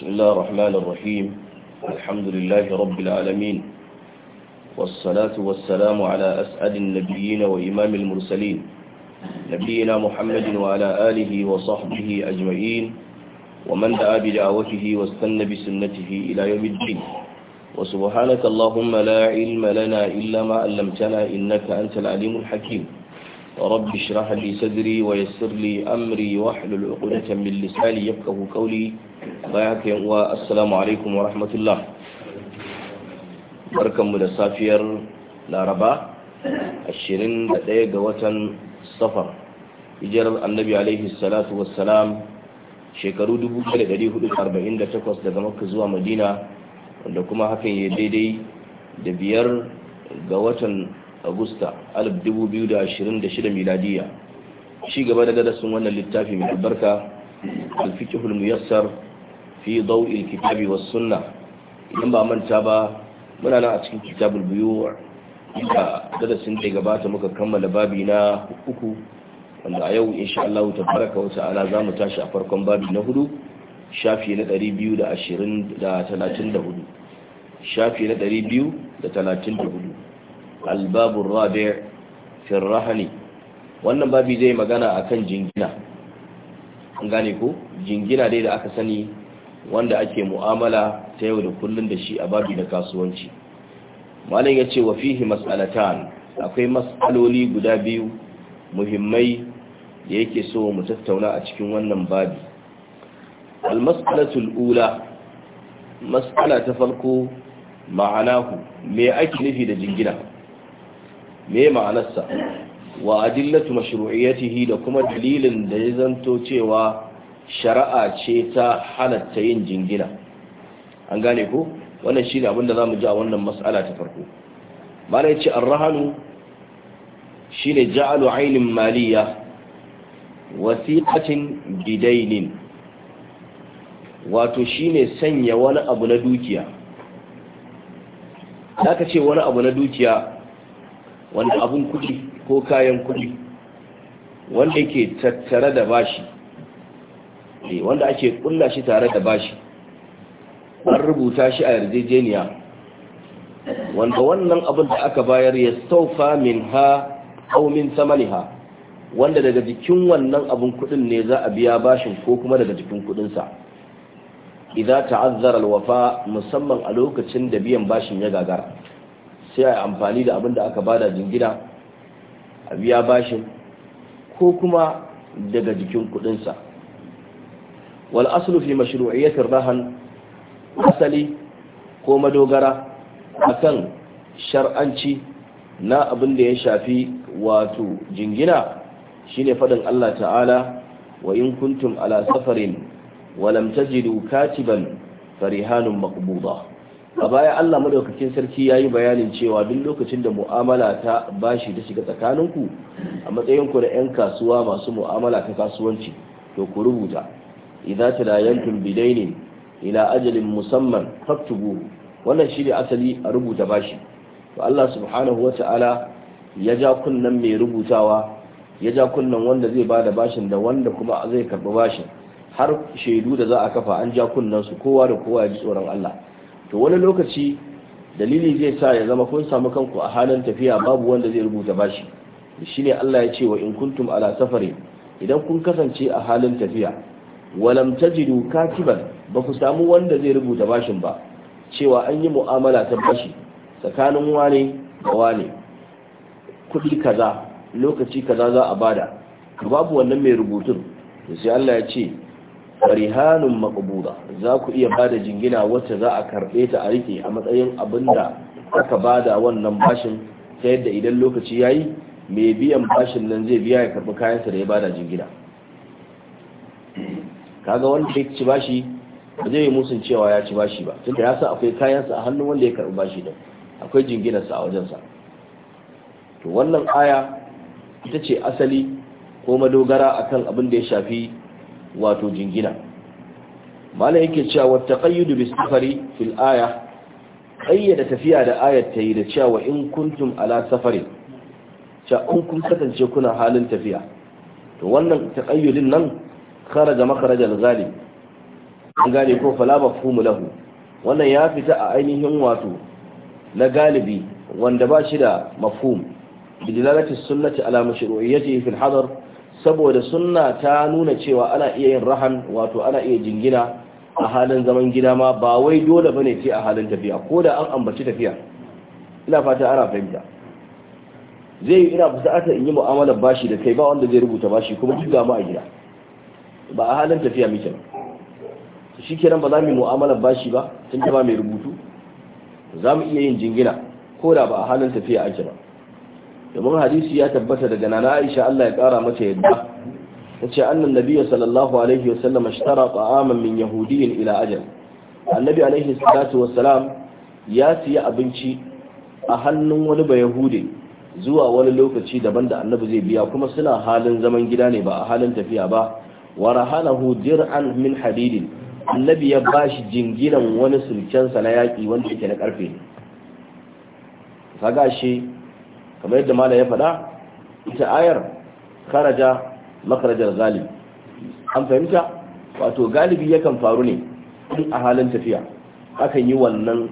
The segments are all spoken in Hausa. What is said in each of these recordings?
بسم الله الرحمن الرحيم الحمد لله رب العالمين والصلاة والسلام على أسعد النبيين وإمام المرسلين نبينا محمد وعلى آله وصحبه أجمعين ومن دعا بدعوته واستنى بسنته إلى يوم الدين وسبحانك اللهم لا علم لنا إلا ما علمتنا إنك أنت العليم الحكيم رب اشرح لي صدري ويسر لي أمري واحلل عقدة من لساني يفقه قولي bayan haka yan uwa assalamu alaikum wa rahmatullah barkanmu da safiyar laraba 21 ga watan safar hijirar annabi alaihi salatu wassalam shekaru 1448 daga makka zuwa madina wanda kuma hakan ya daidai da biyar ga watan agusta 2026 miladiya shi gaba da darasin wannan littafi mai albarka alfikihul muyassar fi dawil kitabi was sunna idan ba manta ba muna nan a cikin kitabul buyur da darasin da gabata muka kammala babi na uku wanda a yau insha Allah baraka wa ta'ala mu tashi a farkon babi na hudu shafi na 234 shafi na 234 albabur rabi' fi rahani wannan babi zai magana akan jingina an gane ko jingina dai da aka sani wanda ake mu'amala ta yau da kullum da shi a babu da kasuwanci malam ya ce wa fihi mas'alatan akwai mas'aloli guda biyu muhimmai da yake so mu tattauna a cikin wannan babi al-mas'alatul ula mas'ala ta farko ma'anahu me ake nufi da jingina me ma'anarsa wa adillatu mashru'iyyatihi da kuma dalilin da ya zanto cewa shari'a ce ta halatta yin jingina an gane ko wannan shi ne abinda za mu ji a wannan matsala ta farko mara ya ce rahanu shi ne ja'alu ainin maliya Wasiƙacin bidainin wato shi ne sanya wani abu na dukiya ta ka ce wani abu na dukiya wanda abin kuɗi ko kayan kuɗi wanda ke tattare da bashi wanda ake kulla shi tare da bashi an rubuta shi a yarjejeniya wanda wannan abin da aka bayar ya saufa min ha au min ha, wanda daga jikin wannan abin kudin ne za a biya bashin ko kuma daga jikin kudinsa idza ta'azzara alwafa musamman a lokacin da biyan bashin ya gagara sai a yi amfani da abin da aka bada jingina a biya bashin ko kuma daga jikin kudinsa wal aslu fi mashru'iyyatir rahan asali ko madogara akan shar'anci na abin da ya shafi wato jingina shine faɗin Allah ta'ala wa in kuntum ala safarin katiban farihanun maqbuda a baya Allah madaukakin sarki ya yi bayanin cewa duk lokacin da mu'amala ta bashi ta shiga tsakaninku a matsayinku ku da 'yan kasuwa masu mu'amala ta kasuwanci to ku rubuta idza tadayantum bidainin ila ajalin musamman faktubu wannan shi ne asali a rubuta bashi to Allah subhanahu wata'ala ya ja kunnan mai rubutawa ya ja kunnan wanda zai bada bashin da wanda kuma zai karbi bashin har shaidu da za a kafa an ja kunnan su kowa da kowa ya ji tsoron Allah to wani lokaci dalili zai sa ya zama kun samu kanku a halin tafiya babu wanda zai rubuta bashi shine Allah ya ce wa in kuntum ala safari idan kun kasance a halin tafiya walam tajidu katiban ba ku samu wanda zai rubuta bashin ba cewa an yi mu'amala ta bashi tsakanin wane da wane kudi kaza lokaci kaza za a bada babu wannan mai rubutun da sai Allah ya ce farihanun maqbuda za ku iya bada jingina wacce za a karbe ta a rike a matsayin abinda aka bada wannan bashin ta yadda idan lokaci yayi mai biyan bashin nan zai biya ya karbi kayansa da ya bada jingina kaga wanda ya ci bashi ba zai yi musun cewa ya ci bashi ba tunda ya sa akwai kayansa a hannun wanda ya karɓi bashi din akwai jinginarsa a wajensa to wannan aya ita ce asali ko madogara akan abin da ya shafi wato jingina malam yake cewa ƙayyudu bis-safari fil aya tafiya da ayat tayi da cewa in kuntum ala safarin cha in kun kasance kuna halin tafiya to wannan taqayyudin nan kharaja makharaja al-ghalib an gane ko fala lahu wannan ya fita a ainihin wato na galibi wanda ba shi da mafhum bi dilalati sunnati ala mashru'iyyati fil hadar saboda sunna ta nuna cewa ana iya yin rahan wato ana iya jingina a halin zaman gida ma ba wai dole bane ce a halin tafiya ko da an ambaci tafiya ina fata ana fahimta zai ina fusata in yi mu'amalar bashi da kai ba wanda zai rubuta bashi kuma duk ga mu a gida ba a halin tafiya muke ba shi kiran ba za mu mu'amalar bashi ba tun da ba mai rubutu za mu iya yin jingina ko da ba a halin tafiya ake ba domin hadisi ya tabbata daga nana Aisha Allah ya kara mata yadda tace annan nabiyyu sallallahu alaihi wa wasallam ishtara ta'aman min yahudiyyin ila ajal annabi alaihi salatu wassalam ya siya abinci a hannun wani ba yahude zuwa wani lokaci daban da annabi zai biya kuma suna halin zaman gida ne ba a halin tafiya ba wa rahalahu jir'an min hadidin annabi ya bashi jingiran wani sulkensa na yaki wanda yake na karfe ne kaga shi kamar yadda malam ya ita ayar kharaja an fahimta wato galibi yakan faru ne a halin tafiya akan yi wannan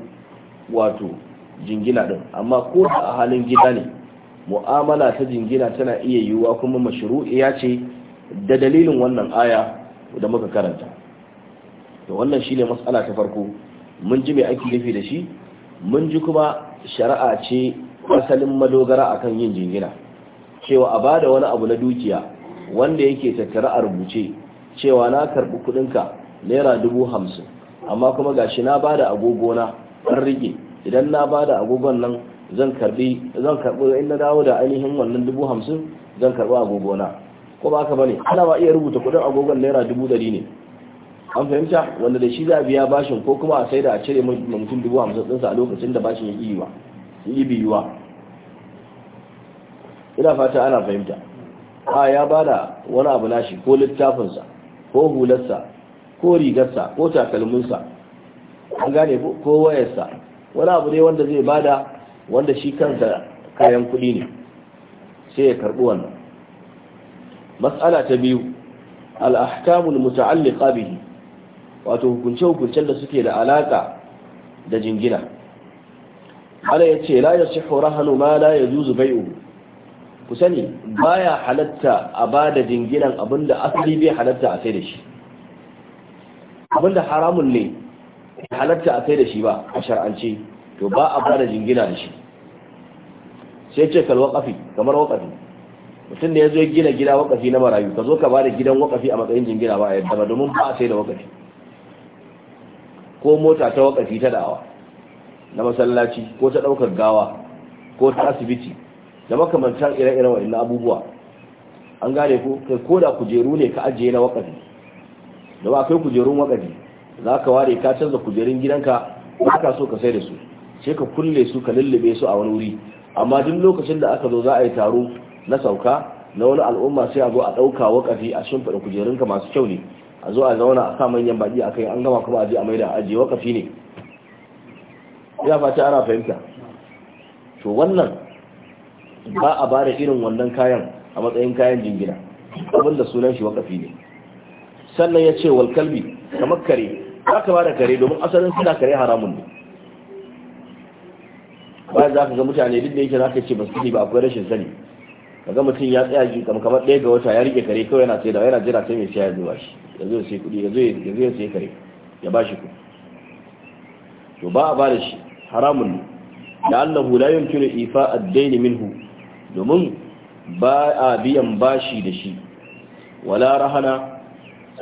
wato jingina din amma ko a halin gida ne mu'amala ta jingina tana iya yiwuwa kuma mashru'iya ce da dalilin wannan aya da muka karanta to wannan shine matsala ta farko mun ji mai ake nufi da shi mun ji kuma shari'a ce asalin madogara akan yin jingina cewa a bada wani abu na dukiya wanda yake tattara a rubuce cewa na karbi kudinka naira dubu hamsin amma kuma gashi na bada agogona an rige idan na bada agogon nan zan karbi zan karbi in na dawo da ainihin wannan dubu hamsin zan karbi agogona ko ba ka bane ana ba iya rubuta kudin agogon naira dubu dari ne an fahimta wanda da shi za a biya bashin ko kuma a sai da a cire mutum dubu hamsin ɗinsa a lokacin da bashin ya yi biyuwa ina fata ana fahimta a ya bada wani abu nashi ko littafinsa ko hularsa ko rigarsa ko takalminsa an gane ko wayarsa wani abu ne wanda zai bada wanda shi kansa kayan kuɗi ne sai ya karɓi wannan matsala ta biyu al'ahkamul muta'alliqa bihi wato hukunce-hukuncen da suke da alaƙa da jingina Ana ya ce la ya siho rahanu ma la ya juzu uku. ku sani ya halatta a ba da jinginan abinda asali bai halatta a sai da shi abinda haramun ne halatta a sai da shi ba a shar'ance to ba a ba da jingina da shi sai ce kalwa kafi kamar wakafi mutum da ya zo gina gida wakafi na marayu ka zo ka ba da gidan wakafi a matsayin jingina ba a yadda ba domin ba a sai da wakafi ko mota ta wakafi ta da'awa na masallaci ko ta ɗaukar gawa ko ta asibiti da makamantar ire-iren wa'in abubuwa an gane ko kai ko da kujeru ne ka ajiye na wakafi da ba kai kujerun wakafi za ka ware ka canza kujerun gidanka ba ka so ka sai da su sai ka kulle su ka lullube su a wani wuri amma duk lokacin da aka zo za a yi taro na sauka na wani al'umma sai a zo a ɗauka wakafi a shimfiɗa kujerunka masu kyau ne a zo a zauna a sa manyan baƙi a kai an gama kuma a je a maida ajiye wakafi ne ya fata ana fahimta to wannan ba a ba da irin wannan kayan a matsayin kayan jingina abinda sunan shi wakafi ne sannan ya ce wal kalbi kamar kare aka ba da kare domin asalin suna kare haramun ne bayan za ka ga mutane duk da yake za ka ce ba su ba akwai rashin sani kaga mutum ya tsaya ji kamar kamar ɗaya ga wata ya rike kare kawai yana sai da yana jira sai mai siya ya shi ya zo sai kuɗi ya zo ya kare ya ba shi kuɗi to ba a ba da shi haramun ne da annahu la yumkinu ifa ad-dayn minhu domin ba a biyan bashi da shi wala rahana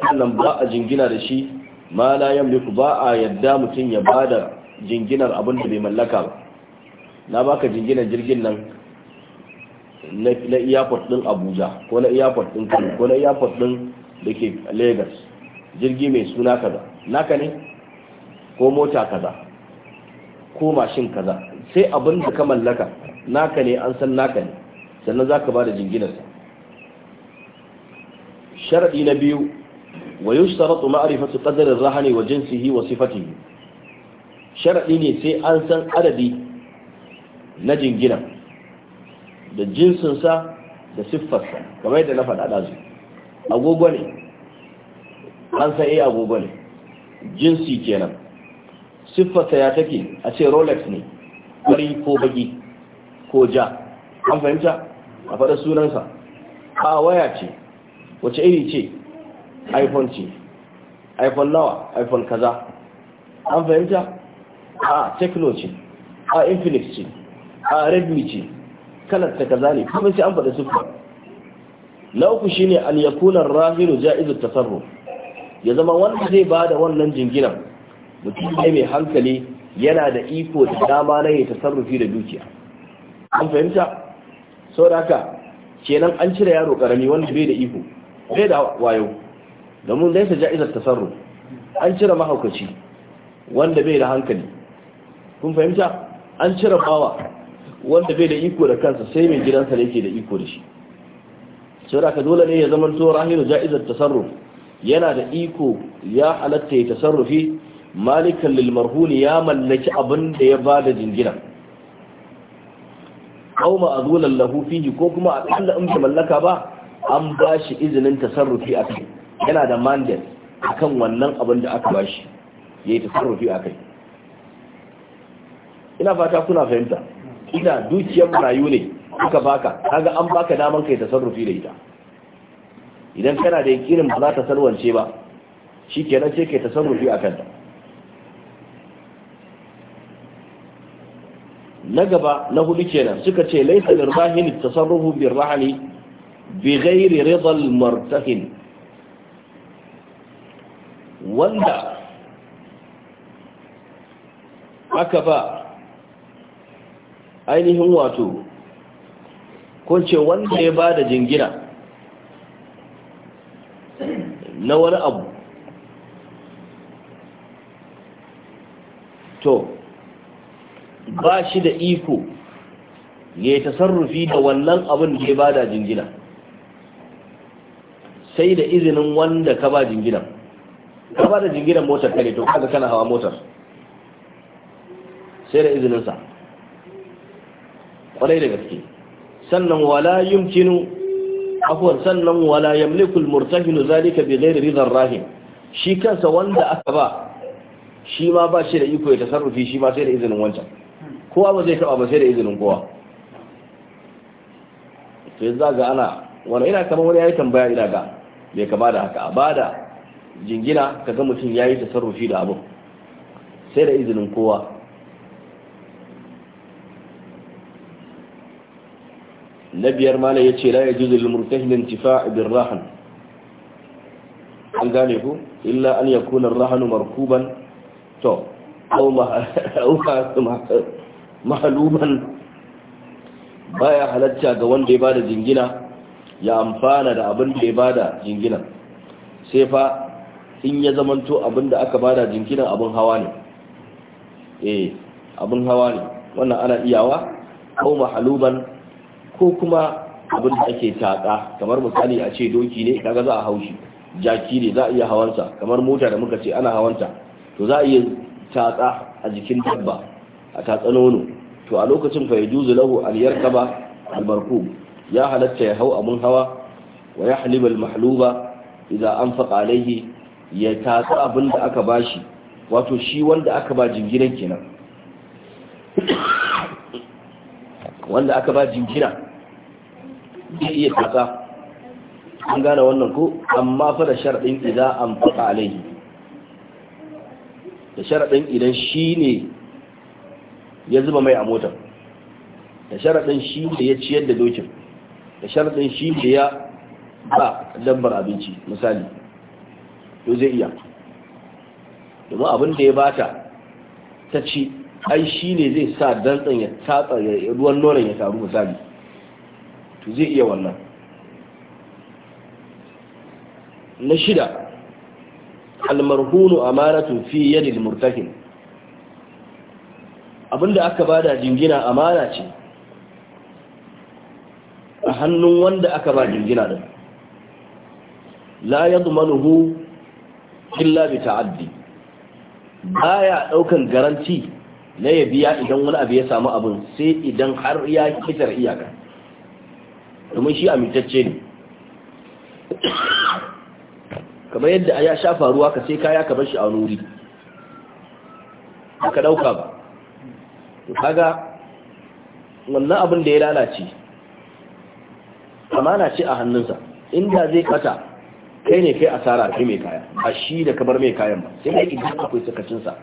sannan ba a jingina da shi ma la yamliku ba a yadda mutum ya bada jinginar abin da bai mallaka ba na baka jinginar jirgin nan na airport din abuja ko na airport din kano ko na airport din da ke lagos jirgi mai suna kaza naka ne ko mota kaza ko mashin kaza sai abin da ka mallaka naka ne an san naka ne sannan za ka ba da jinginarsa sharaɗi na biyu wa yushtaratu ma'rifatu qadri ar-rahani wa jinsihi wa sifatihi sharaɗi ne sai an san adadi na jingina da jinsinsa da siffarsa kamar yadda na faɗa ɗazu agogo ne an sai eh agogo ne jinsi kenan siffarsa ya take a ce rolex ne ƙari ko baƙi ko ja an fahimta a faɗa sunansa a waya ce wace iri ce iphone ce iphone nawa iphone kaza an fahimta a tekno ce a infinix ce a redmi ce kalar ta kaza ne kuma sai an faɗi sufa na uku shine an yakuna rahiru ja'izu tasarruf ya zama wanda zai bada wannan jinginan mutum ne mai hankali yana da iko da dama na ya tasarrufi da dukiya an fahimta sau da haka kenan an cire yaro karami wanda bai da iko bai da wayo domin laisa ja'izar tasarruf an cire mahaukaci wanda bai da hankali kun fahimta an cire bawa wanda bai da iko da kansa sai mai gidansa ne yake da iko da shi sai da ka dole ne ya zama to rahiru ja'izar tasarruf yana da iko ya halatta ya tasarrufi malikan lilmarhuni ya mallaki abin da ya ba da jingina a ma'zulan lahu fihi ko kuma a kalla in ta mallaka ba an ba shi izinin tasarrufi a kai yana da a kan wannan abin da aka bashi yayi tasarrufi a kai ina fata kuna fahimta ina dukiyar marayu ne aka baka kaga an baka daman kai tasarrufi da ita idan kana da yakinin ba za ta salwance ba kenan ce kai tasarrufi a kanta na gaba na hudu kenan suka ce laysa rahini tasarrufu birrahani bi ghairi ridal martahin wanda aka ba ainihin wato ko ce wanda ya bada jingina na wani abu to ba shi da iko ya yi tasarrufi da wannan abin da ya bada jingina sai da izinin wanda ka ba jinginan ka ba da jinginan motar kare to kaga kana hawa motar sai da izininsa kwarai da gaske sannan wala yumkinu afwan sannan wala yamliku murtahinu zalika bighayri ridar rahim shi kansa wanda aka ba shi ma ba shi da iko ya tasarrufi shi ma sai da izinin wancan kowa ba zai taba ba sai da izinin kowa to yanzu ga ana wani ina kamar wani yayi tambaya ina ga bai kama da haka ba da jingina kaga mutum yayi tasarrufi da abu sai da izinin kowa na biyar mala ya ce laye ya juzul murtahin intifa bin rahan an gane ku illa an ya kunar rahanu markuban to au mahaluman ya halatta ga wanda ya bada jingina ya amfana da abin da ya bada jingina sai fa in ya zamanto abin da aka bada jingina abin hawa ne eh abin hawa ne wannan ana iyawa au mahaluban ko kuma abin da ake tatsa kamar misali a ce doki ne kaga za a shi jaki ne za a iya hawansa kamar mota da muka ce ana hawanta to za a iya tatsa a jikin dabba a tatsa nono to a lokacin fa yajuzu lahu an yarkaba albarku ya halatta ya hau abun hawa wa yahlib mahluba idan anfaqa alaihi ya tatsa abin da aka bashi wato shi wanda aka ba jinginan kenan wanda aka ba jingina zai iya taka an gane wannan ko amma fa da sharaɗin idza an faɗa alaihi da sharaɗin idan shi ne ya zuba mai a motar da sharaɗin shi da ya ciyar da dokin da sharaɗin shi da ya ba dabbar abinci misali to zai iya domin abin da ya bata ta ci ai shi ne zai sa dantsan ya tatsa ruwan nonon ya taru misali zai iya wannan na shida almarhunu amanatun fi yadil murtahin abinda aka bada jingina amana ce a hannun wanda aka ba jingina da la yadmanuhu illa bi ta'addi baya daukan garanti na ya biya idan wani abu ya samu abin sai idan har ya kitar iyaka domin shi amintacce ne kamar yadda ya shafa ruwa, ka sai kaya ka bar shi a wuri ka dauka ba to kaga wannan abin da ya lalace amana ce a hannunsa inda zai kata kai ne kai asara kai mai kaya a shi da kabar mai kayan ba sai mai idan akwai sakacinsa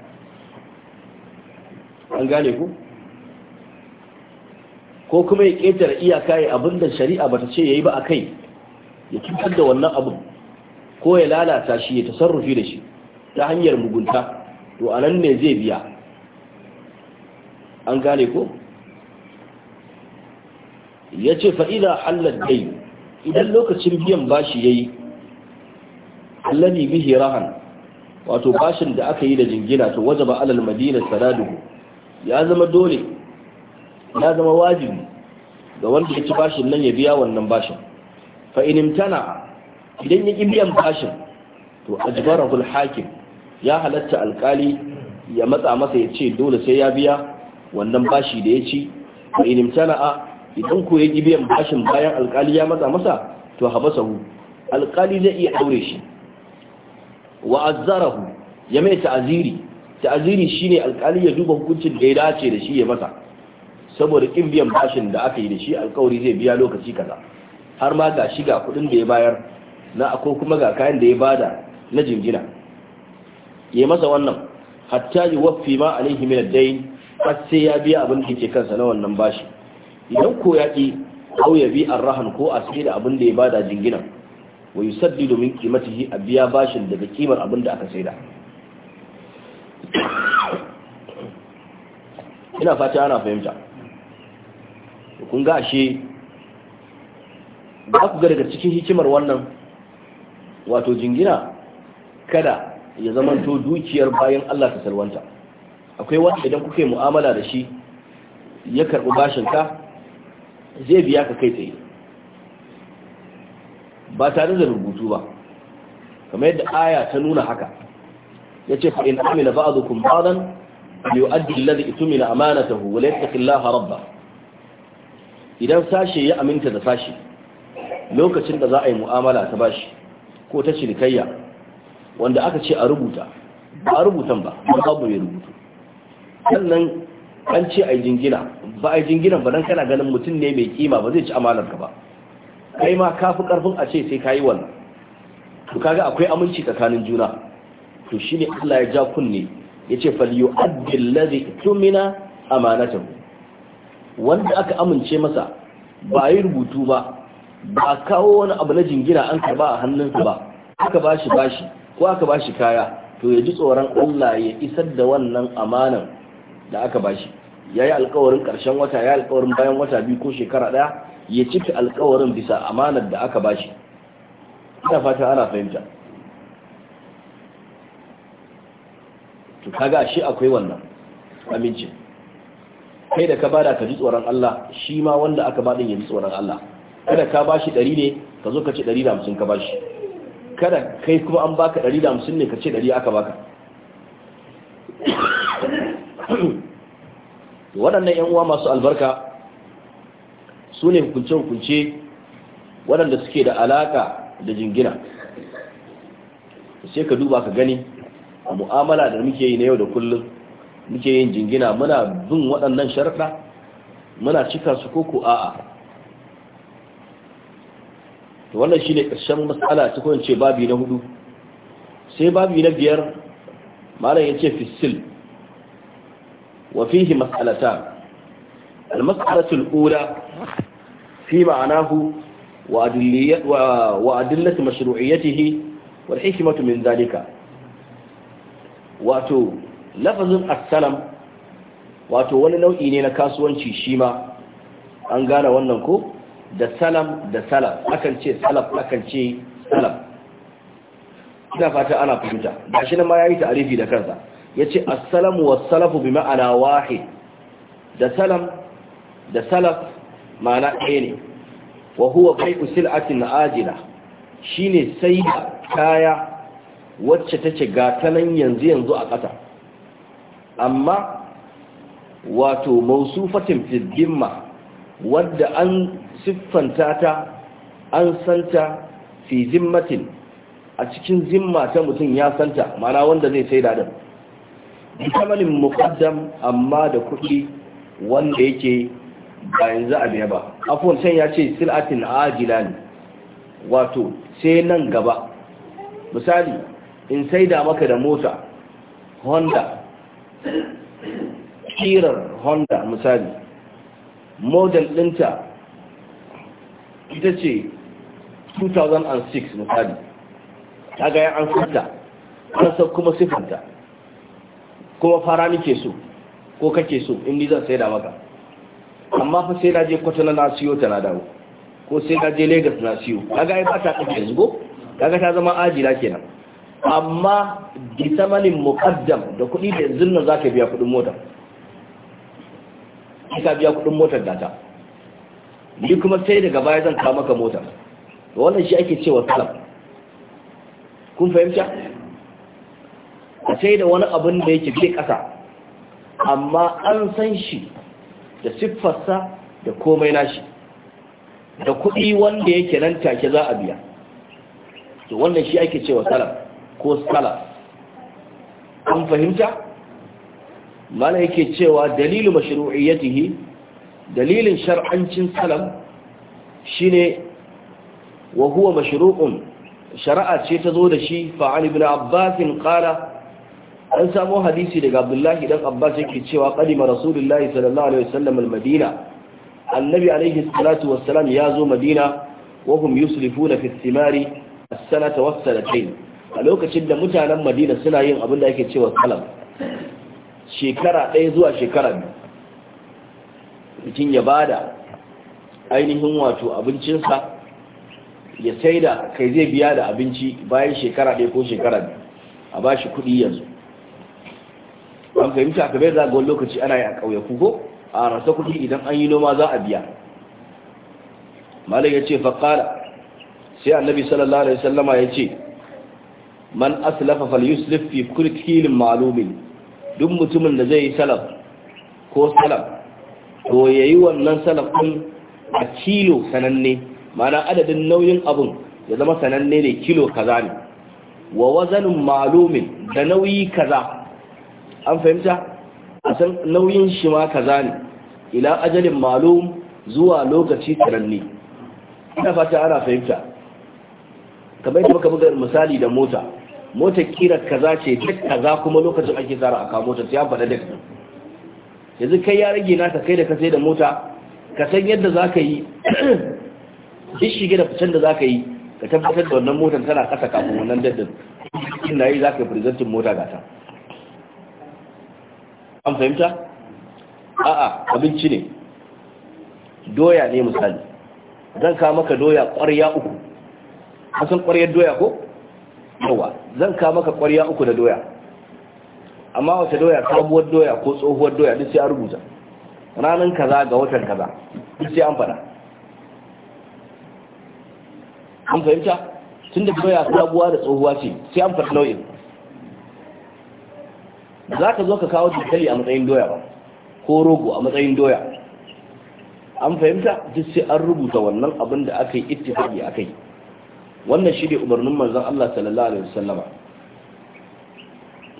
an gane ku ko kuma ya ƙetare iyaka ya abin da shari'a bata ce ya yi ba a kai ya cutar da wannan abin ko ya lalata shi ya tasarrufi da shi ta hanyar mugunta to a nan ne zai biya an gane ko ya ce fa'ida hallar dai idan lokacin biyan bashi ya yi hallari bihi rahan wato bashin da aka yi da jingina to waje ba alal madina sanadu ya zama dole ya zama wajibi ga wanda ya ci bashin nan ya biya wannan bashin fa in idan ya ki biyan bashin to ajbarahu al-hakim ya halatta alkali ya matsa masa ya ce dole sai ya biya wannan bashi da ya ci fa in imtana idan ko ya ki biyan bashin bayan alkali ya matsa masa to habasahu alkali zai iya daure shi wa azzarahu ya mai ta'aziri ta'aziri shine alkali ya duba hukuncin da ya dace da shi ya masa saboda kin biyan bashin da aka yi da shi alkawari zai biya lokaci kaza har ma ga shiga kudin da ya bayar na ko kuma ga kayan da ya bada na jingina ya masa wannan hatta yi waffi ma alaihi min ad-dayn sai ya biya abin da yake kansa na wannan bashi idan ko ya ki au ya bi arrahan ko asiri da abin da ya bada jingina wa yusaddidu min qimatihi a biya bashin daga kimar abin da aka saida ina fata ana fahimta kun ga ashe ba ku ga daga cikin hikimar wannan wato jingina kada ya zamanto dukiyar bayan Allah ta salwanta akwai wanda idan kuka yi mu'amala da shi ya karɓi ka? zai biya ka kai tsaye ba tare da rubutu ba kamar yadda aya ta nuna haka ya ce fa'in amina ba'adukum ba'adan yu'addi alladhi itumina amanatahu wa la yattaqillaha rabbah idan sashe ya aminta da sashe lokacin da za a yi mu'amala ta bashi ko ta cinikayya wanda aka ce a rubuta ba a rubutan ba ba babu mai rubutu sannan an ce a yi jingina ba a yi jingina ba don kana ganin mutum ne mai kima ba zai ci amalar ka ba kai ma ka fi karfin a ce sai ka yi wannan to kaga akwai aminci tsakanin juna to shine Allah ya ja kunne ya ce fal yu'addi allazi tumina amanatahu wanda aka amince masa ba yi rubutu ba ba kawo wani abu na jingina an karba a hannunsa ba aka ba shi ko aka bashi kaya to ya ji tsoron Allah ya isar da wannan amanan da aka bashi ya yi alkawarin ƙarshen wata ya yi alkawarin bayan wata biyu ko shekara ɗaya ya cika alkawarin bisa amanar da aka bashi ina fata ana fahimta to kaga shi akwai wannan amince. kai da ka bada ka ji tsoron Allah shi ma wanda aka bada ya ji tsoron Allah kada ka bashi 100 ne ka zo ka ce 150 ka bashi kada kai kuma an baka 150 ne ka ce 100 aka baka waɗannan yan uwa masu albarka su ne hukunce-hukunce waɗanda suke da alaka da jingina sai ka duba ka gani a mu'amala da muke yi na yau da kullum muke yin jingina muna bin waɗannan sharaɗa muna cika su koko a'a to wannan ne ƙarshen matsala ta kwanci babi na hudu sai babi na biyar malam yace fisil wa fihi fi ma'ana hu wa معناه mashiru'iyyatihi wa والحكمة min ذلك wato. lafazin assalam wato wani nau'i ne na kasuwanci shi ma an gane wannan ko da salam da salaf akan ce salaf akan ce salaf ina fata ana fahimta gashi nan ma yayi ta'arifi da kansa yace assalamu wa salafu bi ma'ana wahid da salam da salaf ma'ana ɗaya ne wa huwa bai'u sil'atin ajila shine sai kaya wacce take ga tanan yanzu yanzu a ƙasa amma wato mausufatin fiddimma wadda an siffanta ta an santa fi zimmatin a cikin zimma ta mutum ya santa mana wanda zai sai dadan bikamalin muqaddam amma da kuɗi wanda yake ba yanzu a biya ba afuwan can ya ce sil'atin ajila ne wato sai nan gaba misali in sai da maka da mota honda kirar honda misali model dinta ita ce 2006 misali ta gaya an fita an sa kuma siffanta kuma fara nike so ko kake so inda zan sai da maka amma fa sai na je kwatana na siyo ta na dawo ko sai na je lagos na siyo kaga ai ba ta kake yanzu ko kaga ta zama ajila kenan amma di samanin mukaddam da kuɗi da yanzu nan zaka biya kuɗin mota ka biya kuɗin motar data ni kuma sai daga baya zan kawo maka mota wannan shi ake cewa talab kun fahimta a sai da wani abin da yake ke ƙasa amma an san shi da siffarsa da komai nashi da kuɗi wanda yake nan take za a biya to wannan shi ake cewa salaf ko salaf an fahimta mana yake cewa dalilu mashru'iyyatihi dalilin shar'ancin salam shine wa huwa mashru'un shari'a ce ta zo da shi Fa fa'al ibn abbas qala an samu hadisi daga abdullahi dan abbas yake cewa qadima rasulullahi sallallahu alaihi wasallam al-madina annabi alaihi salatu wassalam ya zo madina wa hum yuslifuna fi thimari as-sanata was-sanatayn a lokacin da mutanen madina suna yin abin da ake cewa kalam shekara ɗaya zuwa shekara biyu mutum ya da ainihin wato abincinsa ya sai da kai zai biya da abinci bayan shekara ɗaya ko shekara biyu a ba shi kuɗi yanzu an fahimta ka bai zagon lokaci ana yi a ƙauye ko a rasa kuɗi idan an yi noma za a biya malam ya ce faƙala sai annabi sallallahu alaihi sallama ya ce man aslafa fal yuslif fi kulli ma'lumin duk mutumin da zai salaf ko salaf to yayi wannan salaf din a kilo sananne mana adadin nauyin abun ya zama sananne ne kilo kaza ne wa wazanin ma'lumin da nauyi kaza an fahimta a san nauyin shi ma kaza ne ila ajalin ma'lum zuwa lokaci sananne ina fata ana fahimta kamar yadda muka buga misali da mota motar kira kaza ce duk kaza kuma lokacin ake tsara a kawo motar ya faɗa duk yanzu kai ya rage naka kai da ka sai da mota ka san yadda za ka yi duk shige da fitan da za ka yi ka tabbatar da wannan motar tana kasa kafin wannan daddin in na yi za ka yi firzantin mota ta an fahimta? a'a abinci ne doya ne misali zan ka maka doya ƙwarya uku hasan ƙwaryar doya ko? yawa zan ka maka ƙwarya uku da doya amma wata doya sabuwar doya ko tsohuwar doya duk sai an rubuta ranar kaza ga watan kaza duk sai an fada an fahimta tun da doya sabuwa da tsohuwa ce sai an fada nau'in za ka zo ka kawo dankali a matsayin doya ba ko rogo a matsayin doya an fahimta duk sai an rubuta wannan abin da aka yi a kai. wannan shi ne umarnin manzan Allah sallallahu alaihi wasallama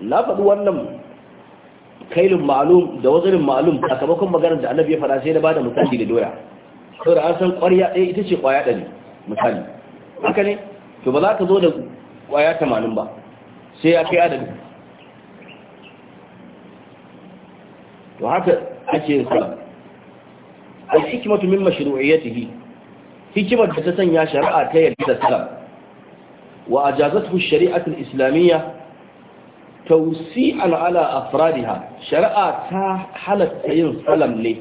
na faɗi wannan kailin ma'alum da wazanin ma'alum kamakon maganar da annabi ya faɗa sai da bada misali da doya da an san ƙwarya ɗaya ita ce ƙwaya ɗari misali haka ne to ba za ka zo da ƙwaya tamanin ba sai ya kai adadin to haka ake yin salam al-hikmatu min mashru'iyyatihi hikimar da ta sanya shari'a ta yarda da salam wa ajazatu shari'atu al-islamiyya tawsi'an ala afradiha shari'a ta halatta yin salam ne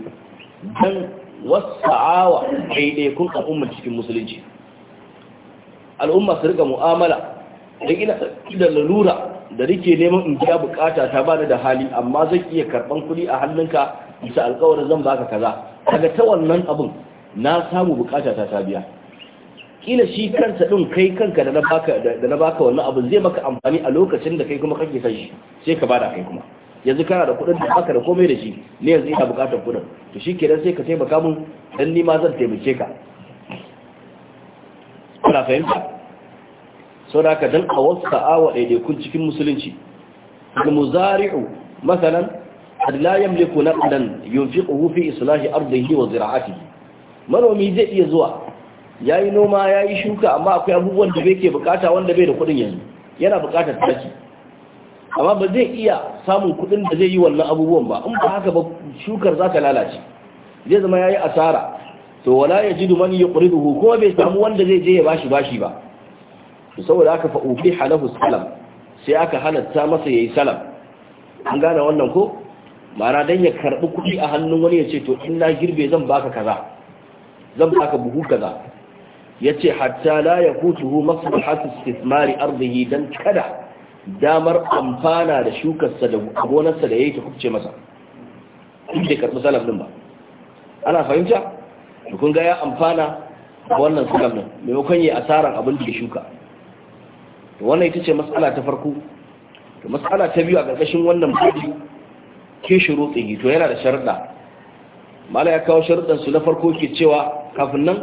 dan wasa'awa daidaikun al'ummar cikin musulunci al'umma su rika mu'amala da ina da lalura da rike neman in biya bukata ta bani da hali amma zai iya karban kuɗi a hannunka bisa alƙawarin zan baka kaza daga ta wannan abun na samu bukata ta tabiya biya kila shi kansa din kai kanka da na baka da na baka wannan abu zai maka amfani a lokacin da kai kuma kake san shi sai ka bada kai kuma yanzu kana da kuɗin da baka da komai da shi ne yanzu ina bukatar kuɗin to shi kenan sai ka taimaka mun dan ni ma zan taimake ka kuna fahimta sau da ka dan a wasu sa'awa kun cikin musulunci al-muzari'u masalan ad la yamliku naqdan yunfiquhu fi islahi ardihi wa zira'atihi manomi zai iya zuwa ya yi noma ya yi shuka amma akwai abubuwan da bai ke bukata wanda bai da kudin yanzu yana bukatar taki amma ba zai iya samun kudin da zai yi wannan abubuwan ba in ba haka ba shukar za ta lalace zai zama ya yi asara to wala ya ji dumani ya kuri duhu kuma bai samu wanda zai je ya bashi bashi ba saboda aka fa'ufi halahu salam sai aka halatta masa ya yi salam an gane wannan ko mara don ya karɓi kuɗi a hannun wani ya ce to in na girbe zan baka kaza zan saka buhu kaza yace hatta la yakutuhu maslahatu istithmari ardihi dan kada damar amfana da shukarsa da sa da yake kubce masa in bai karɓi salaf din ba ana fahimta to kun ga ya amfana da wannan salaf din maimakon yi asaran abin da shuka to wannan ita ce mas'ala ta farko to mas'ala ta biyu a ƙarƙashin wannan babu ke shuruɗi to yana da sharuɗa mala ya kawo sharuɗan su na farko ke cewa kafin nan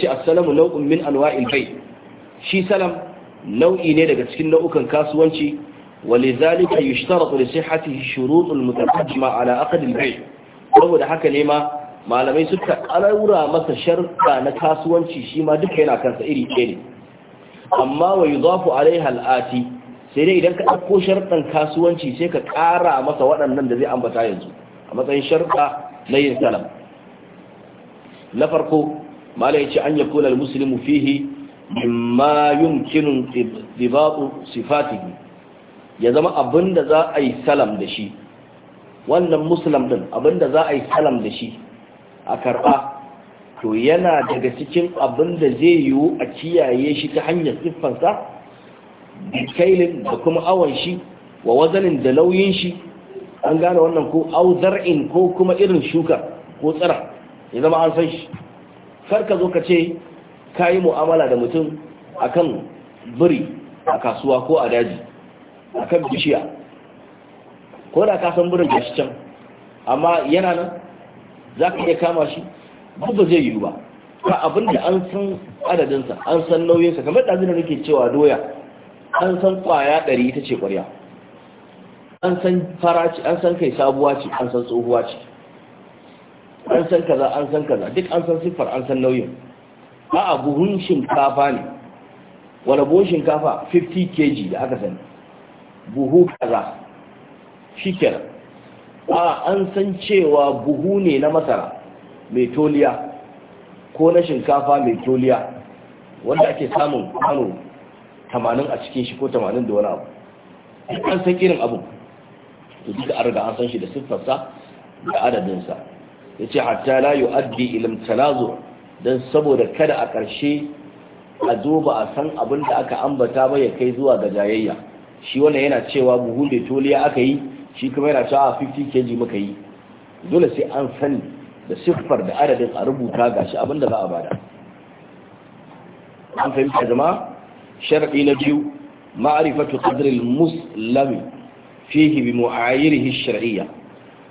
ce assalamu nau'in min anwa'il bai shi salam nau'i ne daga cikin nau'ukan kasuwanci ولذلك يشترط shuru'un شروط المتقدمة على أقد bai saboda haka ne ma malamai suka ƙaraura masa sharɗa na kasuwanci shi ma duka yana kansa iri ɗaya ne amma wa yuzafu alaiha al'ati sai dai idan ka ɗauko sharɗan kasuwanci sai ka ƙara masa waɗannan da zai ambata yanzu a matsayin sharɗa na yin salam na farko mala ce an yakuna musulmi fihi ma yumkinu dibatu sifatihi ya zama abinda za a yi salam da shi wannan muslim din abinda za a yi salam da shi a karɓa. to yana daga cikin abinda zai yiwu a kiyaye shi ta hanyar siffansa kailin da kuma awon shi wa wazanin da nauyin shi an gane wannan ko auzar'in ko kuma irin shuka ko tsara ya zama an san shi kar ka zo ka ce ka yi mu'amala da mutum kan biri a kasuwa ko a daji a kan bishiya ko da ka san birin gashi can amma yana nan za ka iya kama shi duk ba zai yiwu ba ka abin da an san adadinsa an san nauyinsa kamar da zina nake cewa doya an san kwaya ɗari ita ce ƙwarya an san faraci an san kai sabuwa ce an san tsohuwa ce an san kaza an san kaza duk an san siffar an san nauyin a buhun shinkafa ne wani buhun shinkafa 50 kg da aka sani buhu kaza shi kenan ba an san cewa buhu ne na masara mai toliya ko na shinkafa mai toliya wanda ake samun kano 80 a cikin shi ko 80 da wani abu an san irin abu to duka an riga an san shi da siffarsa da adadinsa ya ce hatta la yi addi ilim talazo don saboda kada a ƙarshe a zo ba a san abin da aka ambata ba ya kai zuwa ga jayayya shi wannan yana cewa buhun da toliya aka yi shi kuma yana cewa 50 kg muka yi dole sai an sani da siffar da adadin a rubuta gashi abin da za a bada an fahimta jama'a sharadi na biyu ma'arifatu qadril muslimi fihi bi mu'ayirihi shar'iyya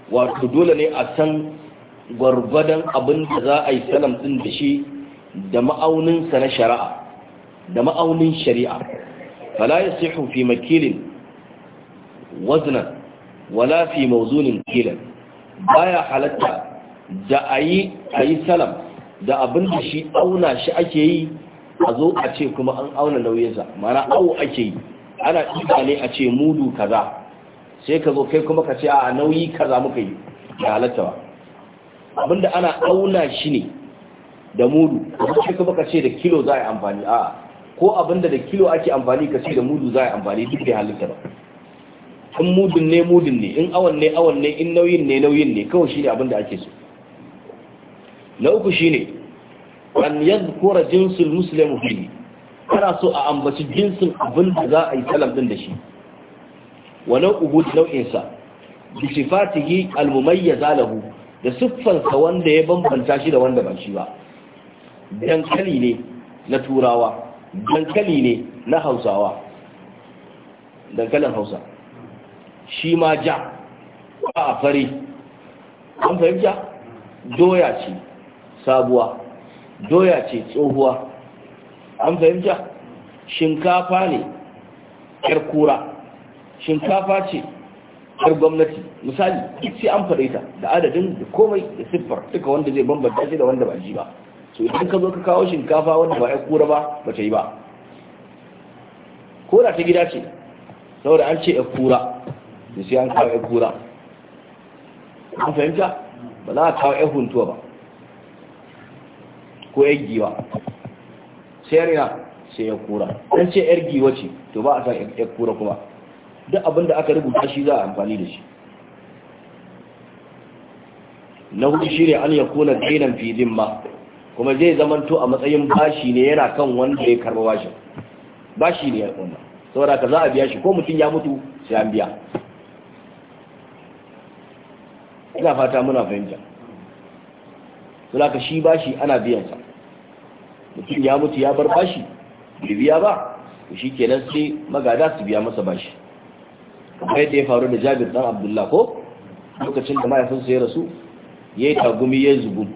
wato dole ne a san gwargwadon abin da za a yi salam ɗin da shi da ma'auninsa na shari'a da ma'aunin shari'a fala ya sihu fi makilin wala fi mauzunin kilin baya halatta da a yi a yi salam da abin da shi auna shi ake yi a zo a ce kuma an auna nauyinsa mana au ake yi ana ɗiba ne a ce mudu kaza sai ka zo kai kuma ka ce a nauyi kaza muka yi da halatta ba abinda ana auna shi ne da mudu ce kuma ka ce da kilo za a yi amfani a ko abinda da kilo ake amfani ka ce da mudu za a yi amfani duk da halitta ba in mudun ne mudun ne in awan ne awan ne in nauyin ne nauyin ne kawai shi ne abinda ake so na uku shi ne an yadda jinsin musulmi fili kana so a ambaci jinsin abinda za a yi salam din da shi wa nau'uhu nau'insa bi sifatihi al-mumayyaza lahu da siffarsa wanda ya bambanta shi da wanda ba shi ba dankali ne na turawa dankali ne na hausawa dankalin hausa shi ma ja ba a fari an fahimta doya ce sabuwa doya ce tsohuwa an fahimta shinkafa ne yar kura shinkafa ce har gwamnati misali duk sai an faɗaita da adadin da komai da siffar duka wanda zai bambanta shi da wanda ba ji ba so idan ka zo ka kawo shinkafa wanda ba ya kura ba ba ta yi ba ko da ta gida ce saboda an ce ya kura da sai an kawo ya kura an fahimta ba za a kawo ya huntuwa ba ko ya giwa sai yarina sai ya kura an ce yar giwa ce to ba a san ya kura kuma duk abin da aka rubuta shi za a amfani da shi na hudu shi ne an ya na dainan fi ma kuma zai zamanto a matsayin bashi ne yana kan wanda ya karba bashin bashi ne ya kuma saboda ka za a biya shi ko mutum ya mutu sai an biya ina fata muna fahimta saboda ka shi bashi ana biyansa mutum ya mutu ya bar bashi bai biya ba shi kenan sai magada su biya masa bashi kamar yadda ya faru da jabir dan Abdullahi ko lokacin da mahaifinsa ya rasu ya yi tagumi ya zubu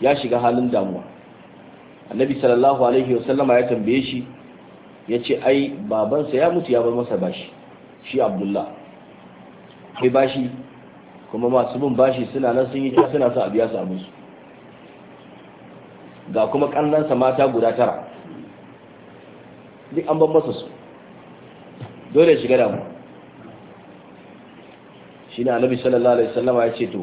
ya shiga halin damuwa annabi sallallahu alaihi wasallama ya tambaye shi ya ce ai babansa ya mutu ya bar masa bashi shi Abdullahi. kai bashi kuma masu bin bashi suna nan sun yi ta suna sa abiya biya su ga kuma ƙannansa mata guda tara duk an ban masa su dole shiga damuwa shi ne annabi sallallahu alaihi Sallama ya ce to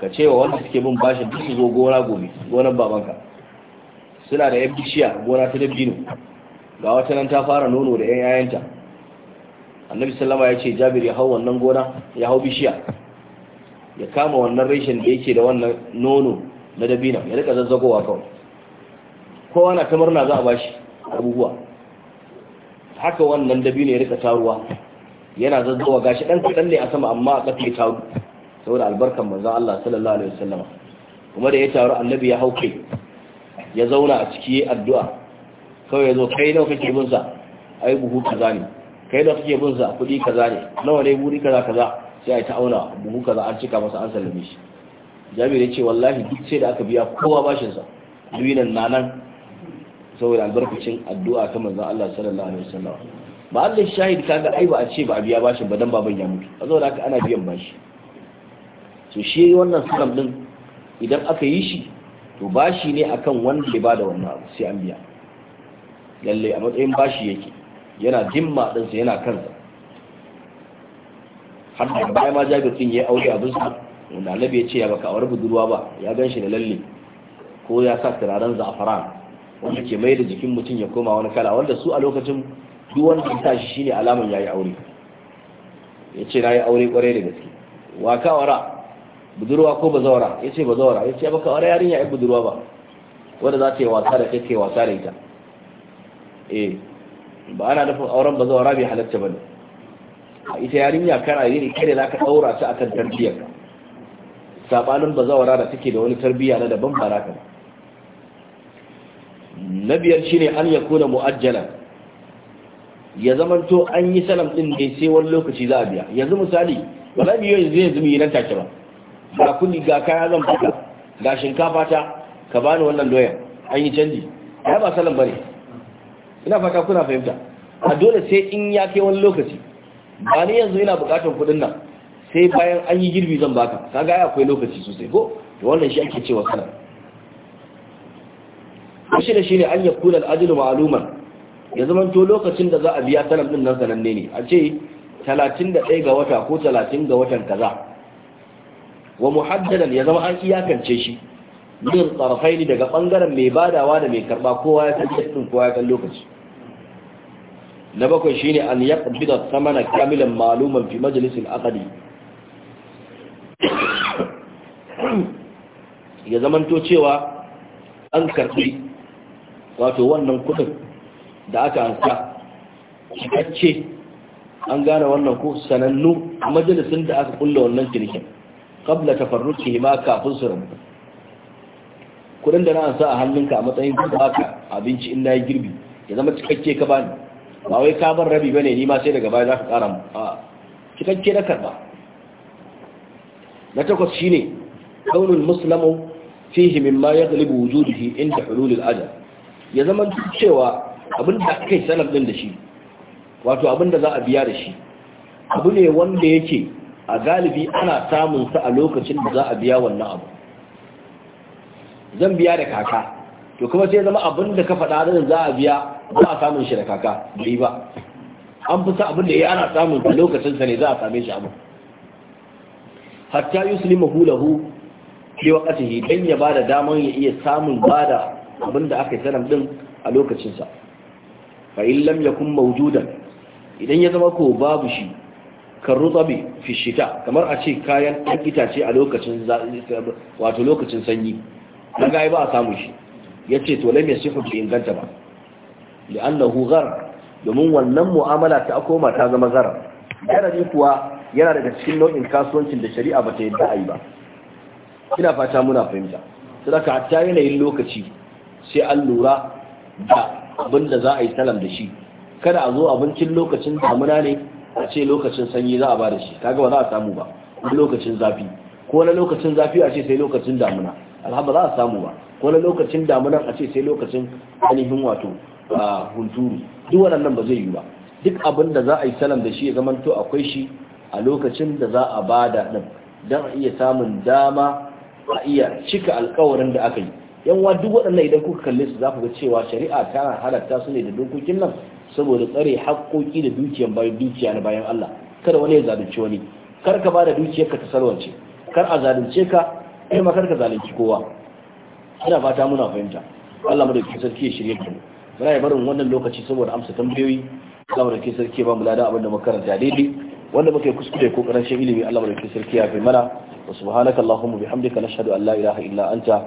ka ce wa wanda suke bin bashin duk su zo gona gobe gonar babanka suna da yan bishiya gona ta dabino ga wata nan ta fara nono da yan yayanta annabi sallama ya ce jabir ya hau wannan gona ya hau bishiya ya kama wannan reshen da yake da wannan nono na dabina ya rika zazzagowa kawai kowa na ta murna za a bashi abubuwa haka wannan dabino ya rika taruwa yana zazzawa gashi dan kaɗan ne a sama amma a ta taru saboda albarkan manzo Allah sallallahu alaihi wasallam kuma da ya taru annabi ya hauke ya zauna a ciki addu'a kawai ya zo kai nawa kake bin sa ai buhu kaza ne kai nawa kake bin sa kudi kaza ne nawa ne buri kaza kaza sai ai ta auna buhu kaza an cika masa an sallame shi jabir ya ce wallahi duk sai da aka biya kowa bashin sa duwinan nanan saboda albarkacin addu'a ta manzo Allah sallallahu alaihi wasallam ma'allin shahid kaga ai ba a ce ba a biya bashin ba dan baban ya mutu a zauna haka ana biyan bashi to shi wannan sulam din idan aka yi shi to bashi ne akan wanda ya bada wannan abu sai an biya lalle a matsayin bashi yake yana jimma sa yana kansa har da baya ma jabir din ya aure abin sa wanda annabi ya ce ya baka awar budurwa ba ya ganshi da lalle ko ya sa turaren za'afaran wanda ke mai da jikin mutum ya koma wani kala wanda su a lokacin duk wanda ya tashi shine ya yi aure Ya ce na yi aure kware da gaske wa ka wara budurwa ko bazawara Ya ce bazawara Ya yace baka wara yarinya ai budurwa ba wanda za ta yi wasa da kai wasa da ita eh ba ana nufin auren bazawara bai halatta ne. a ita yarinya kana yi kare ka daura ta akan tarbiyyar sabanin bazawara da take da wani tarbiyya na daban ba naka na biyar shine an yakuna mu'ajjala ya zamanto an yi salam din ne sai wani lokaci za a biya yanzu misali ba za mu yi yanzu yanzu mu yi nan take ba ga kuni ga kaya zan fita ga shinkafa ta ka bani wannan doya an yi canji ya ba salam bane ina fata kuna fahimta a dole sai in ya kai wani lokaci ba ni yanzu ina bukatar kuɗin nan sai bayan an yi girbi zan baka kaga ya akwai lokaci sosai ko to wannan shi ake cewa salam shi da shi ne an yakuna al-ajru ma'luman ya zama to lokacin da za a biya sanar din nan sananne ne a ce 31 ga wata ko 30 ga watan kaza wa muhaddadan ya zama an iyakance shi min ne daga bangaren mai badawa da mai karba kowa ya san din kowa ya lokaci na bakwai shine an yaqbida thamana kamilan maluman fi majalisin aqdi ya zamanto cewa an karbi wato wannan kudin da aka hanka cikakke an gane wannan ko sanannu majalisun da aka kulla wannan cinikin kabla tafarruki ma kafin su rabu kudin da na sa a hannunka a matsayin ka baka abinci in na yi girbi ya zama cikakke ka bani ba wai ka bar rabi bane ni ma sai daga baya za ka kara mu a cikakke na karba na takwas shine kaunul muslimu fihi mimma yaghlibu wujudihi inda hulul ajal ya zama cewa abinda kai sanar din da shi wato abinda za a biya da shi abu ne wanda yake a galibi ana samun sa a lokacin da za a biya wannan abu zan biya da kaka to kuma sai zama abinda ka faɗa da za a biya za a samun shi da kaka bai ba an fi sa abinda ya ana samun sa lokacin sa ne za a same shi abu hatta yuslimu hulahu bi waqtihi dan ya bada daman ya iya samun bada abinda aka yi salam din a lokacinsa fa in lam yakun mawjudan idan ya zama ko babu shi kan rutsabi fi shita kamar a ce kayan ɗan itace a lokacin wato lokacin sanyi na gaya ba a samu shi ya ce to lam shi bi inganta ba li'annahu ghar domin wannan mu'amala ta koma ta zama zara garaji kuwa yana daga cikin nau'in kasuwancin da shari'a ba ta yadda a ba ina fata muna fahimta sadaka hatta yanayin lokaci sai an lura da abin da za a yi salam da shi kada a zo abincin lokacin damuna ne a ce lokacin sanyi za a ba da shi kaga ba za a samu ba lokacin zafi ko na lokacin zafi a ce sai lokacin damuna alhaba za a samu ba ko na lokacin damuna a ce sai lokacin ainihin wato hunturu duk waɗannan ba zai yi ba duk abin da za a yi salam da shi ya zamanto akwai shi a lokacin da za a ba da don a iya samun dama a iya cika alkawarin da aka yi yan wa duk waɗannan idan kuka kalle su za ku ga cewa shari'a ta halatta su ne da dokokin nan saboda tsare haƙƙoƙi da dukiyan bayan dukiya na bayan Allah kada wani ya zalunci wani kar ka bada dukiyar ka ta salwance kar a zalunce ka ma kar ka zalunci kowa ina fata muna fahimta Allah mu da ke sarki ya shirye ku muna ya barin wannan lokaci saboda amsa tambayoyi Allah mu da ke sarki ba mu lada abin da muka karanta daidai wanda muke kuskure ko karancin ilimi Allah mu da ke sarki ya fi mana wa subhanaka allahumma bihamdika nashhadu an la ilaha illa anta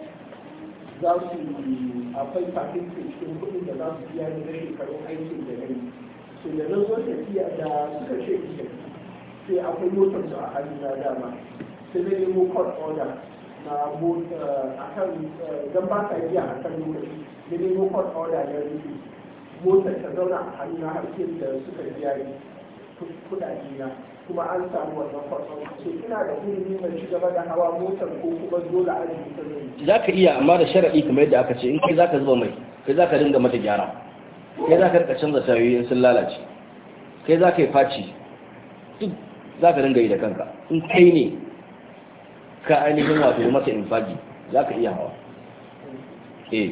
za su yi akwai fatin cikin kuɗin da za su biya ne na shekarun aikin da gani so da na zo tafiya da suka ce iya sai akwai motar su a hannu na dama sai na nemo court order na mota eh, akan eh, don ba ka biya a kan lokaci na nemo court order na rufe motar ta zauna a hannu na har da suka biya ne kuɗaɗe na kuma an samu wannan kwatsam ce ina da ilimi mai ci gaba da hawa motar ko kuma dole a yi ta zai za ka iya amma da sharaɗi kamar yadda aka ce in kai za ka zuba mai kai za ka dinga mata gyara kai za ka rika canza tayoyi sun lalace kai za ka yi faci duk za ka dinga yi da kanka in kai ne ka ainihin wato mata infagi za ka iya hawa eh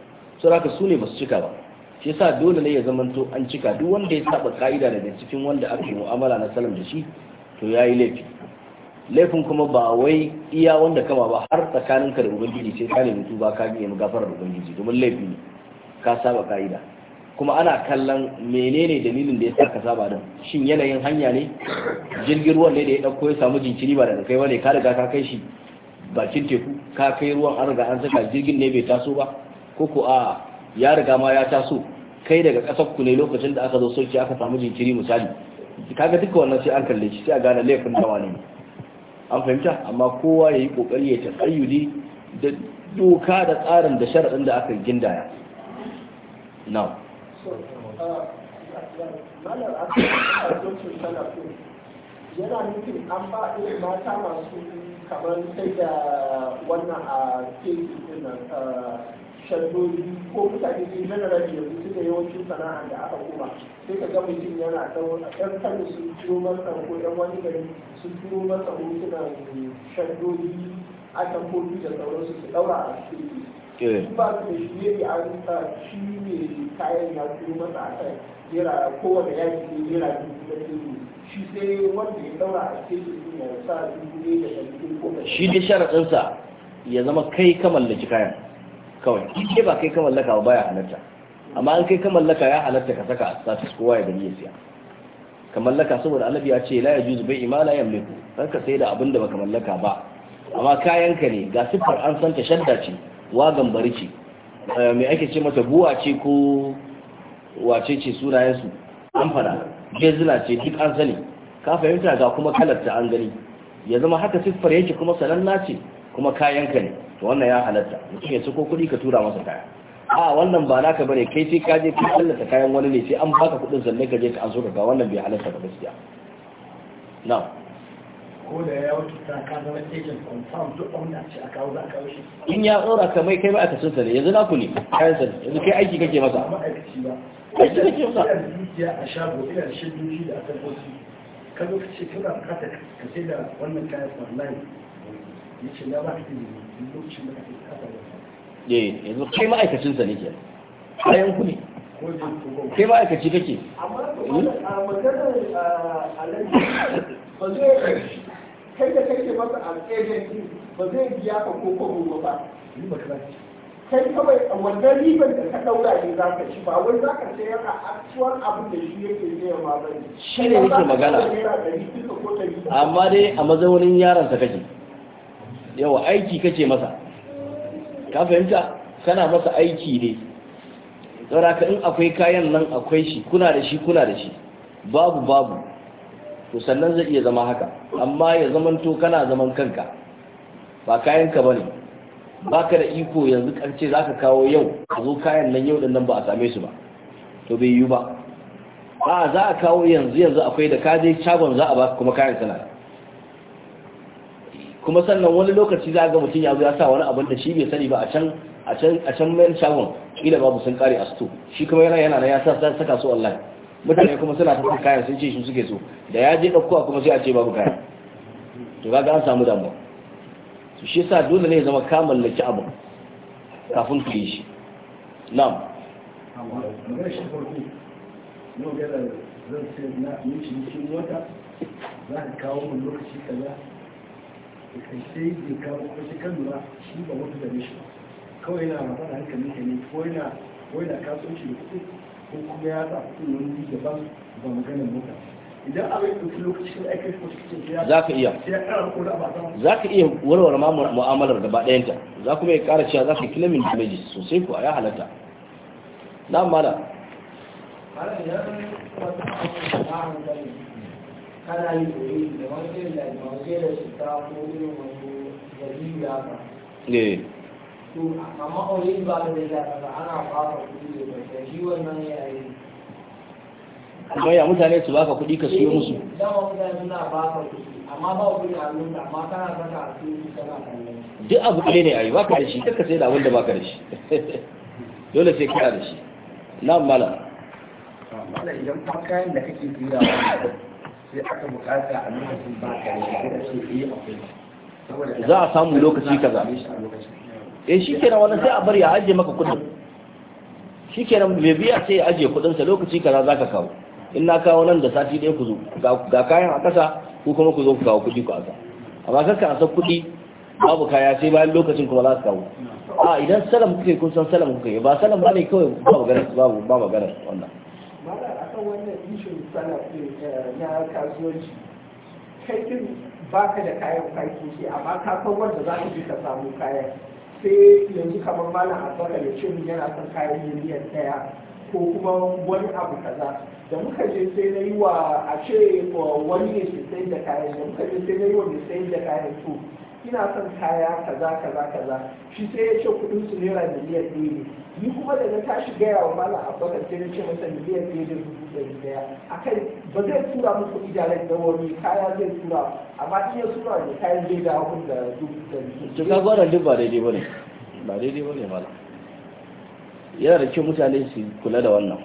saboda su ne basu cika ba shi yasa dole ne ya zamanto an cika duk wanda ya saba ka'ida daga cikin wanda aka yi mu'amala na salam da shi to ya yi laifi laifin kuma ba wai iya wanda kama ba har tsakaninka da ubangiji sai ka nemi tuba ka mu gafarar ubangiji domin laifi ne ka saba ka'ida kuma ana kallon menene dalilin da ya sa ka saba din shin yanayin hanya ne jirgin ruwan ne da ya dauko ya samu jinkiri ba daga kai ba bane ka riga ka kai shi bakin teku ka kai ruwan an riga an saka jirgin ne bai taso ba ko ko a ya riga ma ya taso kai daga ƙasar ku ne lokacin da aka zo soki aka samu jinkiri misali kaga duka wannan sai an kalle shi sai a gane laifin dawa ne an fahimta amma kowa ya yi kokari ya taƙayyudi da doka da tsarin da sharaɗin da aka gindaya now yana nufin an ba mata masu kamar sai da wannan a ah, shalloli ko mutane sun generally su suka yawancin sana'a da aka kuma sai ka ga mutum yana ta wani ɗan kano sun turo masa ko ɗan wani gari sun turo masa hotuna shalloli aka kofi da sauransu su ɗaura a cikin in eh. ba su da shi yake an sa shi ne kayan ya turo masa a kan jera kowane yaki ne jera biyu da biyu shi sai wanda ya daura a cikin ya sa dubu ne da shi ko shi da sharaɗinsa ya zama kai ka mallaki kayan kawai ke ba kai ka mallaka ba ya halatta amma an kai ka mallaka ya halatta ka saka a status kowa ya gani ya siya ka mallaka saboda annabi ya ce la yajuzu bai ima la yamliku kar ka sai da abin da baka mallaka ba amma kayan ka ne ga siffar an san ta shadda ce wagan bari ce eh, me ake ce mata buwa ce ko wace ce sunayen su an fara ce duk an sani ka fahimta ga kuma kalar ta an gani ya zama haka siffar yake kuma sananna ce kuma kayan ka ne to wannan ya halatta mutum ya sako kuɗi ka tura masa kaya a wannan ba naka bane kai sai ka je ka tallata kayan wani ne sai an baka kuɗin sannan ka je ka an so ka wannan bai halatta ba gaskiya na'am ko da ya wuce ta ka zama agent confirm duk wanda ce a kawo za a kawo shi in ya tsora ka mai kai ma'aikacin sa ne yanzu na ne kayan sa yanzu kai aiki kake masa ma'aikaci ba aiki kake masa ina da dukiya a shago ina da shiddoji da asalbosi ka zo ka ce kana bukatar ka sai da wannan kayan sa ya ce na ba ka izini Eh, yanzu kai ma'aikacin sa ne ke ne kai ma'aikaci kake da kake ne za ka ci ba wai za ka sayar a abin da shi yake ba ne shi ne yake magana amma dai a mazaunin yaron ta kake yawa aiki kace masa ka fahimta kana masa aiki ne sauraka in akwai kayan nan akwai shi kuna da shi kuna da shi babu babu to sannan zai iya zama haka amma ya zamanto kana zaman kanka ba kayan ba ne ba ka da iko yanzu karce za ka kawo yau a zo kayan nan yau din nan ba a same su ba to bai yiwu ba a za a kawo yanzu yanzu akwai da ka je shagon za a ba kuma kayan sana'a kuma sannan wani lokaci za ga mutum ya zo ya sa wani abin da shi bai sani ba a can a can a can mayan shagon ila babu sun kare a sto shi kuma yana yana ya sa saka su online mutane kuma suna tafi kayan sun ce shi suke so da ya je dauko kuma sai a ce babu kaya to kaga an samu damu to shi yasa dole ne ya zama ka mallaki abu kafin ku yi shi na'am zan sai na yi shi wata za ka kawo mun lokaci kaza sai bai shi kan lura shi ba wata da shi kawai yana rafa da hankali ne ko yana ko yana kasuwanci da ko kuma ya sa da ba ba maganar mota idan abin ɗauki lokacin aikin ko cikin ya za ka iya za ka iya warware ma mu'amalar gaba ɗayanta za kuma ya ƙara cewa za ka claiming damages sosai ko a ya halatta na mala Malam ya zama wata kana yi koyi da wani da wani da cuta ko irin wani dalili haka eh to amma oyin ba da da ba, ana fara kuɗi da shi wannan yayi kuma ya mutane su baka kuɗi ka siyo musu eh, dama mutane suna baka kuɗi amma ba kuɗi a nuna amma kana saka a siyo kana kallon duk abu ɗaya ne a yi baka da shi kakka sai da abin da baka da shi dole sai kira da shi na mala mala idan kuma kayan da kake siya sai aka bukata a lokacin ba ka da ce eh akwai za a samu lokaci kaza eh shi kenan wannan sai a bar ya ajiye maka kudin shi kenan mai biya sai ya ajiye kudinsa lokaci kaza za ka kawo in na kawo nan da sati ɗaya ku zo ga kayan a ƙasa ku kuma ku zo ku kawo kuɗi ku asa amma kakka a san kuɗi babu kaya sai bayan lokacin kuma za su kawo a idan salam kuke kun san salam kuke ba salam ba ne kawai ba magana babu ba magana wannan mana a kan wannan ishin eh, na kasuwanci kai din baka da kayan farki ce amma ka san wanda za ka je ka samu kayan sai yanzu kamar malam abbaka da cin yana son kayan miliyan ɗaya ko kuma wani abu kaza da muka je sai na yi wa a ce wani ne sai da kayan da muka je sai na yi wa mai sai da kayan to ina son kaya kaza kaza kaza shi sai ya ce kudin su naira miliyan ɗaya ne ni kuma da na tashi gaya wa mala abubakar sai na ce masa miliyan ɗaya da dubu ɗari ɗaya kai ba zai tura muku ijalar da wani kaya zai tura amma in ya tura ne kayan zai dawo kun da dubu ɗari to ka gwada duk ba daidai bane ba daidai bane mala yana da kyau mutane su kula da wannan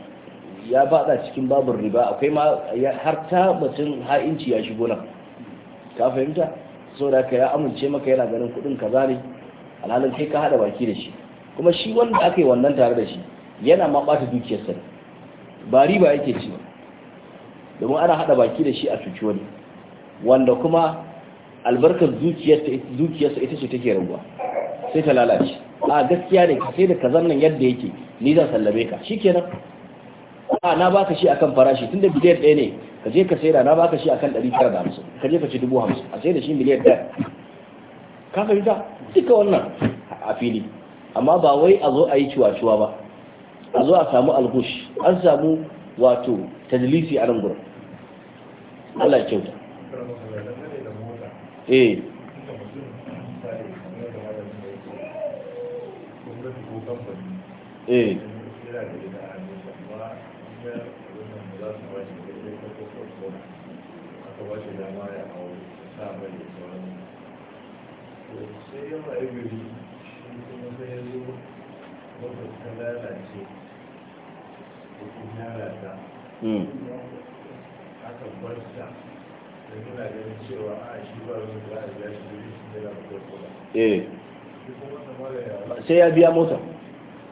ya bada cikin babin riba akwai ma har ta batun ha'inci ya shigo nan ka fahimta saboda ka ya amince maka yana ganin kuɗin kaza ne alhalin sai ka hada baki da shi kuma shi wanda aka yi wannan tare da shi yana ma bata dukiyarsa ne ba riba yake ci ba domin ana haɗa baki da shi a cuci wani wanda kuma albarkar sa ita ce take rabuwa sai ta lalace a gaskiya ne ka sai da kazan yadda yake ni zan sallame ka shikenan a na baka shi akan farashi tunda biliyan ɗaya ne ka je ka saida na baka shi akan ɗari tara da hamsin ka je ka ci dubu hamsin a saida shi miliyan ɗaya ka fahimta duka wannan a fili amma ba wai a zo a yi ciwa-ciwa ba a zo a samu alhush an samu wato tajlisi a nan gurin Allah ya kyauta eh eh wace shi dama ya hau sa mai da sauran to sai ya ma'ai gari shi kuma sai ya zo wata ta lalace ko kuma lalata hmm. aka bar sa da nuna ganin cewa a shi ba su ba a biya shi gari eh. shi da lalace kuma sai ya biya motar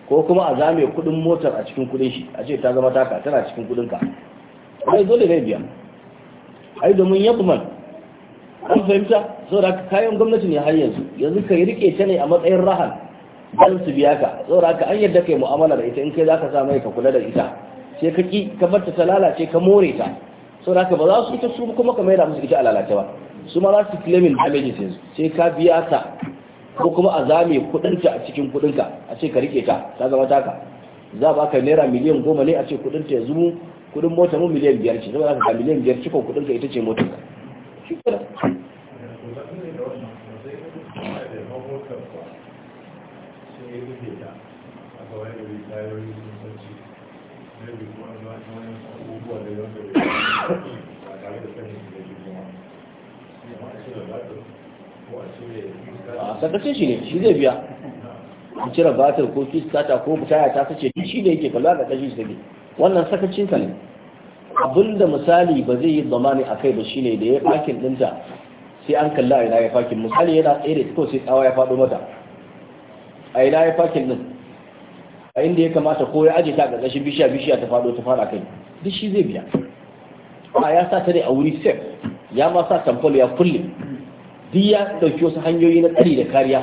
ko kuma a zame kudin motar a cikin kudin shi a ce ta zama taka tana cikin kudin ka sai dole zai biya ai domin yankuman an fahimta saboda kayan gwamnati ne har yanzu yanzu ka yi rike ta ne a matsayin rahan dan su biya ka saboda ka an yadda kai mu'amala da ita in kai zaka sa mai ka kula da ita sai ka ki ka barta ta lalace ka more ta saboda ka ba za su ita su kuma ka mai da musu ita a lalace ba su ma za su claiming damages yanzu sai ka biya ta ko kuma a zame kudin a cikin kudin ka a ce ka rike ta ta zama taka za ba ka naira miliyan goma ne a ce kudin ta ya kudin mota mu miliyan biyar ce saboda ka miliyan biyar cikon kudin ka ita ce motar ka shi kira a sakacin shi ne shi zai biya a cire batir ko kiskata ko mutaya ta sace shi ne yake kalla da kashi shi wannan sakacinka ne abinda misali ba zai yi zamani a kai ba shine da ya fakin dinta sai an kalla a ina ya fakin misali yana tsere, ko sai tsawa ya faɗo mata a ina ya fakin din a inda ya kamata ko ya aje ta ga gashin bishiya bishiya ta faɗo ta fara kai duk shi zai biya a ya sa ta ne a wuri sef ya ma sa tamfol ya kulle duk ya ɗauki wasu hanyoyi na tsari da kariya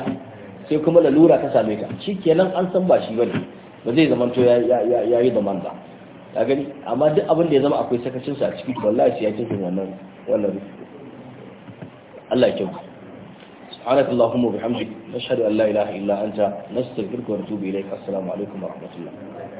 sai kuma lalura ta same ta shi kenan an san ba shi ne ba zai zamanto ya yi da ba ta gani amma duk abin da ya zama akwai sakacinsu a ciki wallahi shi ya ce wannan wallahi Allah ya kyau subhanakallahumma wa bihamdika nashhadu an la ilaha illa anta nastaghfiruka wa natubu ilayk assalamu alaikum wa rahmatullah